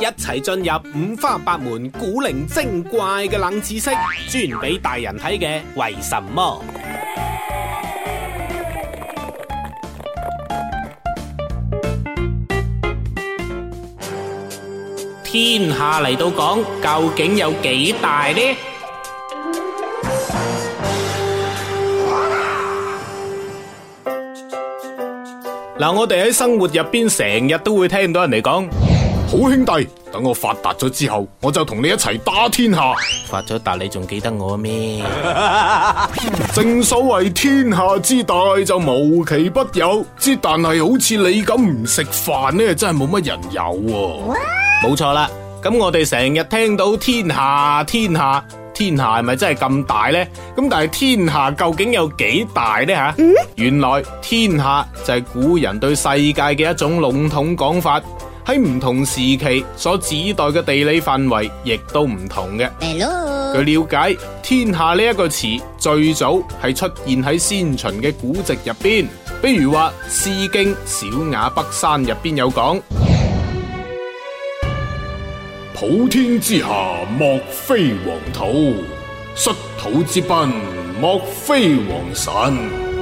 一齊進入五花八門，古靈精怪嘅冷知識，專俾大人睇嘅，為什麼？天下嚟到講，究竟有幾大呢？嗱哇，我哋喺生活入邊成日都會聽到人哋講。好兄弟，等我發達咗之後，我就同你一齊打天下。發咗達你仲記得我咩？ 正所謂天下之大就無奇不有，之但係好似你咁唔食飯呢，真係冇乜人有喎、啊。冇錯啦，咁我哋成日聽到天下天下天下，係咪真係咁大呢？咁但係天下究竟有幾大呢？吓、嗯，原來天下就係古人對世界嘅一種籠統講法。喺唔同時期所指代嘅地理範圍，亦都唔同嘅。Hello. 據了解，天下呢一個詞最早係出現喺先秦嘅古籍入邊，比如話《詩經·小雅·北山》入邊有講：普天之下，莫非王土；率土之濱，莫非王臣。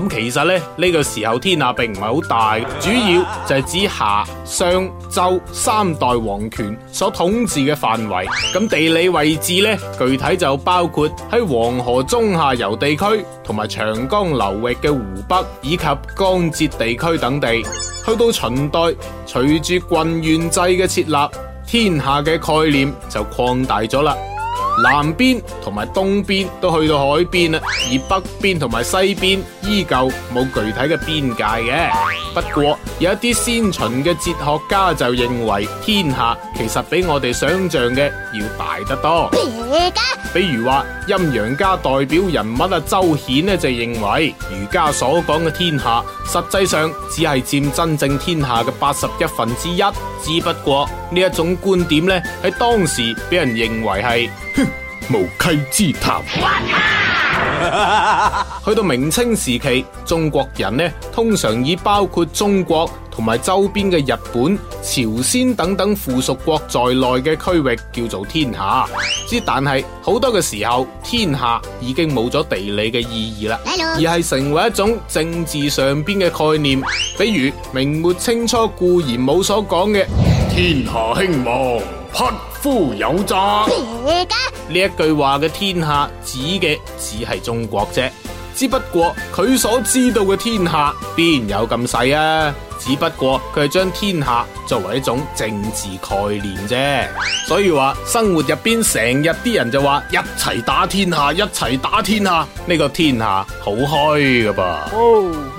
咁其實呢，呢個時候天下並唔係好大，主要就係指夏、商、周三代皇權所統治嘅範圍。咁地理位置呢，具體就包括喺黃河中下游地區同埋長江流域嘅湖北以及江浙地區等地。去到秦代，隨住郡縣制嘅設立，天下嘅概念就擴大咗啦。南邊同埋東邊都去到海邊啦，而北邊同埋西邊依舊冇具體嘅邊界嘅。不過有一啲先秦嘅哲學家就認為天下其實比我哋想象嘅要大得多。家比如話，陰陽家代表人物啊鄒衍，呢就認為儒家所講嘅天下實際上只係佔真正天下嘅八十一分之一。只不過呢一種觀點呢，喺當時俾人認為係。無稽之談。 去到明清時期，中國人呢通常以包括中國同埋周邊嘅日本、朝鮮等等附屬國在內嘅區域叫做天下。之但係好多嘅時候，天下已經冇咗地理嘅意義啦，Hello. 而係成為一種政治上邊嘅概念。比如明末清初顧炎武所講嘅。天下興亡，匹夫有責。呢家一句話嘅天下指嘅只係中國啫，只不過佢所知道嘅天下邊有咁細啊？只不過佢係將天下作為一種政治概念啫，所以話生活入邊成日啲人就話一齊打天下，一齊打天下呢、這個天下好虛噶噃。哦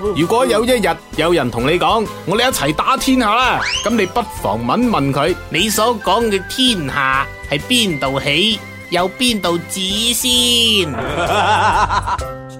哦、如果有一日有人同你講、哦、我哋一齊打天下啦，咁你不妨問問佢， 你所講嘅天下係邊度起，有邊度止先。